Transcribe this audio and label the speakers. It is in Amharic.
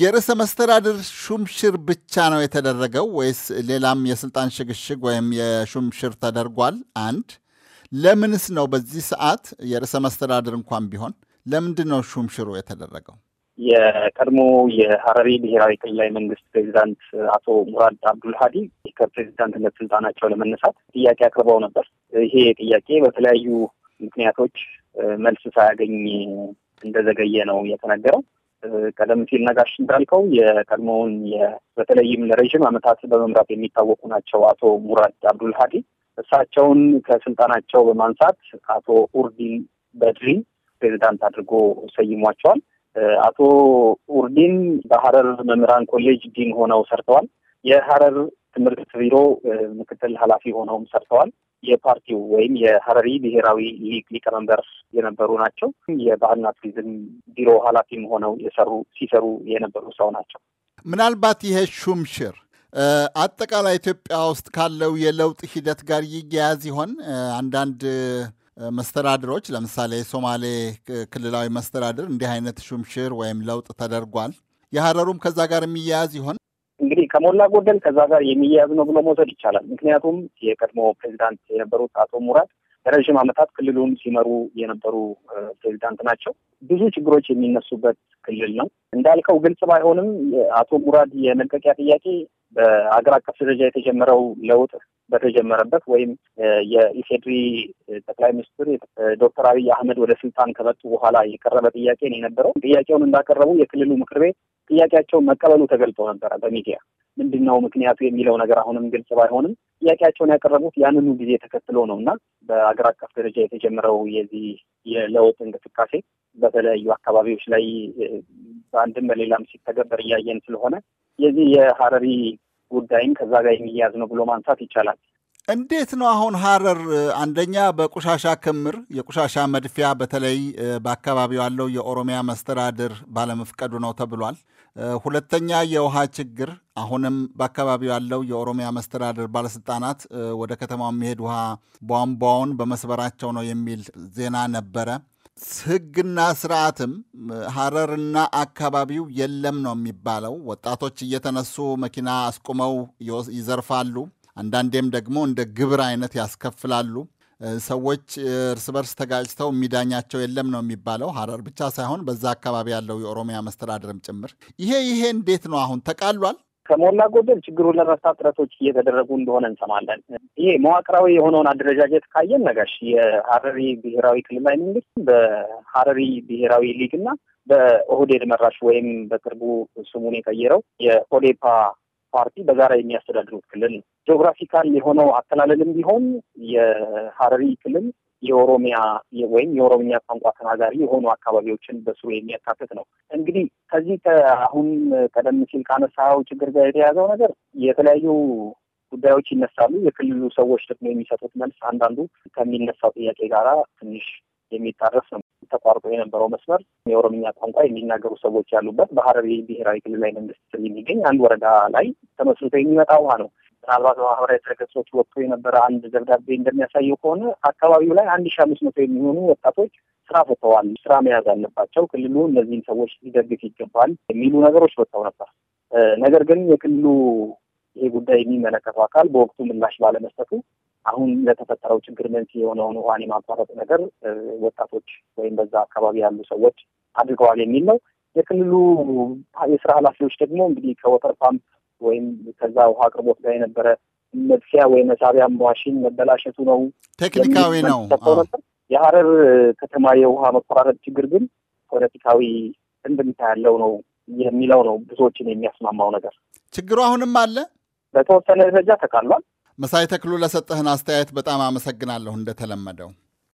Speaker 1: የርዕሰ መስተዳድር ሹምሽር ብቻ ነው የተደረገው ወይስ ሌላም የስልጣን ሽግሽግ ወይም የሹምሽር ተደርጓል? አንድ ለምንስ ነው በዚህ ሰዓት የርዕሰ መስተዳድር እንኳን ቢሆን ለምንድን ነው ሹምሽሩ የተደረገው?
Speaker 2: የቀድሞ የሀረሪ ብሔራዊ ክልላዊ መንግስት ፕሬዚዳንት አቶ ሙራድ አብዱል ሀዲ ከፕሬዚዳንትነት ስልጣናቸው ለመነሳት ጥያቄ አቅርበው ነበር። ይሄ ጥያቄ በተለያዩ ምክንያቶች መልስ ሳያገኝ እንደዘገየ ነው የተነገረው። ቀደም ሲል ነጋሽ እንዳልከው የቀድሞውን በተለይም ለረዥም ዓመታት በመምራት የሚታወቁ ናቸው አቶ ሙራድ አብዱል ሀዲ። እሳቸውን ከስልጣናቸው በማንሳት አቶ ኡርዲን በድሪ ፕሬዚዳንት አድርጎ ሰይሟቸዋል። አቶ ኡርዲን በሀረር መምህራን ኮሌጅ ዲን ሆነው ሰርተዋል። የሀረር ትምህርት ቢሮ ምክትል ኃላፊ ሆነውም ሰርተዋል። የፓርቲው ወይም የሀረሪ ብሔራዊ ሊግ ሊቀመንበር የነበሩ ናቸው። የባህልና ቱሪዝም ቢሮ ኃላፊም ሆነው የሰሩ ሲሰሩ የነበሩ ሰው ናቸው።
Speaker 1: ምናልባት ይሄ ሹምሽር አጠቃላይ ኢትዮጵያ ውስጥ ካለው የለውጥ ሂደት ጋር ይያያዝ ይሆን? አንዳንድ መስተዳድሮች ለምሳሌ የሶማሌ ክልላዊ መስተዳድር እንዲህ አይነት ሹምሽር ወይም ለውጥ ተደርጓል። የሀረሩም ከዛ ጋር የሚያያዝ ይሆን? ከሞላ ጎደል ከዛ ጋር የሚያያዝ ነው ብሎ መውሰድ ይቻላል።
Speaker 2: ምክንያቱም የቀድሞ ፕሬዚዳንት የነበሩት አቶ ሙራት ለረዥም ዓመታት ክልሉን ሲመሩ የነበሩ ፕሬዚዳንት ናቸው። ብዙ ችግሮች የሚነሱበት ክልል ነው እንዳልከው ግልጽ ባይሆንም አቶ ሙራድ የመልቀቂያ ጥያቄ በአገር አቀፍ ደረጃ የተጀመረው ለውጥ በተጀመረበት ወይም የኢፌድሪ ጠቅላይ ሚኒስትር ዶክተር አብይ አህመድ ወደ ስልጣን ከመጡ በኋላ የቀረበ ጥያቄ ነው የነበረው። ጥያቄውን እንዳቀረቡ የክልሉ ምክር ቤት ጥያቄያቸውን መቀበሉ ተገልጦ ነበረ በሚዲያ ምንድን ነው ምክንያቱ የሚለው ነገር አሁንም ግልጽ ባይሆንም ጥያቄያቸውን ያቀረቡት ያንኑ ጊዜ ተከትሎ ነው እና በአገር አቀፍ ደረጃ የተጀመረው የዚህ የለውጥ እንቅስቃሴ በተለያዩ አካባቢዎች ላይ በአንድም በሌላም ሲተገበር እያየን ስለሆነ የዚህ የሀረሪ ጉዳይም ከዛ ጋር የሚያያዝ ነው ብሎ ማንሳት ይቻላል።
Speaker 1: እንዴት ነው አሁን ሀረር አንደኛ በቆሻሻ ክምር የቆሻሻ መድፊያ በተለይ በአካባቢው ያለው የኦሮሚያ መስተዳድር ባለመፍቀዱ ነው ተብሏል። ሁለተኛ የውሃ ችግር አሁንም በአካባቢው ያለው የኦሮሚያ መስተዳድር ባለስልጣናት ወደ ከተማው የሚሄድ ውሃ ቧንቧውን በመስበራቸው ነው የሚል ዜና ነበረ። ሕግና ስርዓትም ሀረርና አካባቢው የለም ነው የሚባለው። ወጣቶች እየተነሱ መኪና አስቁመው ይዘርፋሉ። አንዳንዴም ደግሞ እንደ ግብር አይነት ያስከፍላሉ። ሰዎች እርስ በርስ ተጋጭተው የሚዳኛቸው የለም ነው የሚባለው። ሀረር ብቻ ሳይሆን በዛ አካባቢ ያለው የኦሮሚያ መስተዳድርም ጭምር። ይሄ ይሄ እንዴት ነው አሁን ተቃሏል? ከሞላ
Speaker 2: ጎደል ችግሩን ለመፍታት ጥረቶች እየተደረጉ እንደሆነ እንሰማለን። ይሄ መዋቅራዊ የሆነውን አደረጃጀት ካየን ነጋሽ የሀረሪ ብሔራዊ ክልላዊ መንግስት በሀረሪ ብሔራዊ ሊግ እና በኦህዴድ መራሽ ወይም በቅርቡ ስሙን የቀየረው የኦዴፓ ፓርቲ በጋራ የሚያስተዳድሩት ክልል ነው። ጂኦግራፊካል የሆነው አተላለልም ቢሆን የሀረሪ ክልል የኦሮሚያ ወይም የኦሮሚያ ቋንቋ ተናጋሪ የሆኑ አካባቢዎችን በስሩ የሚያካትት ነው። እንግዲህ ከዚህ ከአሁን ቀደም ሲል ካነሳው ችግር ጋር የተያዘው ነገር የተለያዩ ጉዳዮች ይነሳሉ። የክልሉ ሰዎች ደግሞ የሚሰጡት መልስ አንዳንዱ ከሚነሳው ጥያቄ ጋራ ትንሽ የሚጣረስ ነው። ተቋርጦ የነበረው መስመር የኦሮምኛ ቋንቋ የሚናገሩ ሰዎች ያሉበት በሀረሪ ብሔራዊ ክልላዊ መንግስት ስር የሚገኝ አንድ ወረዳ ላይ ተመስርቶ የሚመጣ ውሃ ነው። ምናልባት በማህበራዊ ድረገጾች ወጥቶ የነበረ አንድ ደብዳቤ እንደሚያሳየው ከሆነ አካባቢው ላይ አንድ ሺ አምስት መቶ የሚሆኑ ወጣቶች ስራ ፈተዋል። ስራ መያዝ አለባቸው፣ ክልሉ እነዚህን ሰዎች ሊደግፍ ይገባል የሚሉ ነገሮች ወጥተው ነበር። ነገር ግን የክልሉ ይሄ ጉዳይ የሚመለከተው አካል በወቅቱ ምላሽ ባለመስጠቱ አሁን ለተፈጠረው ችግር መንስኤ የሆነውን ውሃን የማቋረጥ ነገር ወጣቶች ወይም በዛ አካባቢ ያሉ ሰዎች አድርገዋል የሚል ነው። የክልሉ የስራ ኃላፊዎች ደግሞ እንግዲህ ከወተር ፓምፕ ወይም ከዛ ውሃ አቅርቦት ጋር የነበረ መጥፊያ ወይ መሳቢያ ማሽን መበላሸቱ ነው። ቴክኒካዊ ነው። የሀረር ከተማ የውሃ መቆራረጥ ችግር ግን ፖለቲካዊ እንድምታ ያለው ነው የሚለው ነው
Speaker 1: ብዙዎችን የሚያስማማው ነገር። ችግሩ አሁንም አለ፣ በተወሰነ ደረጃ ተቃሏል። መሳይ ተክሉ፣ ለሰጠህን አስተያየት በጣም አመሰግናለሁ እንደተለመደው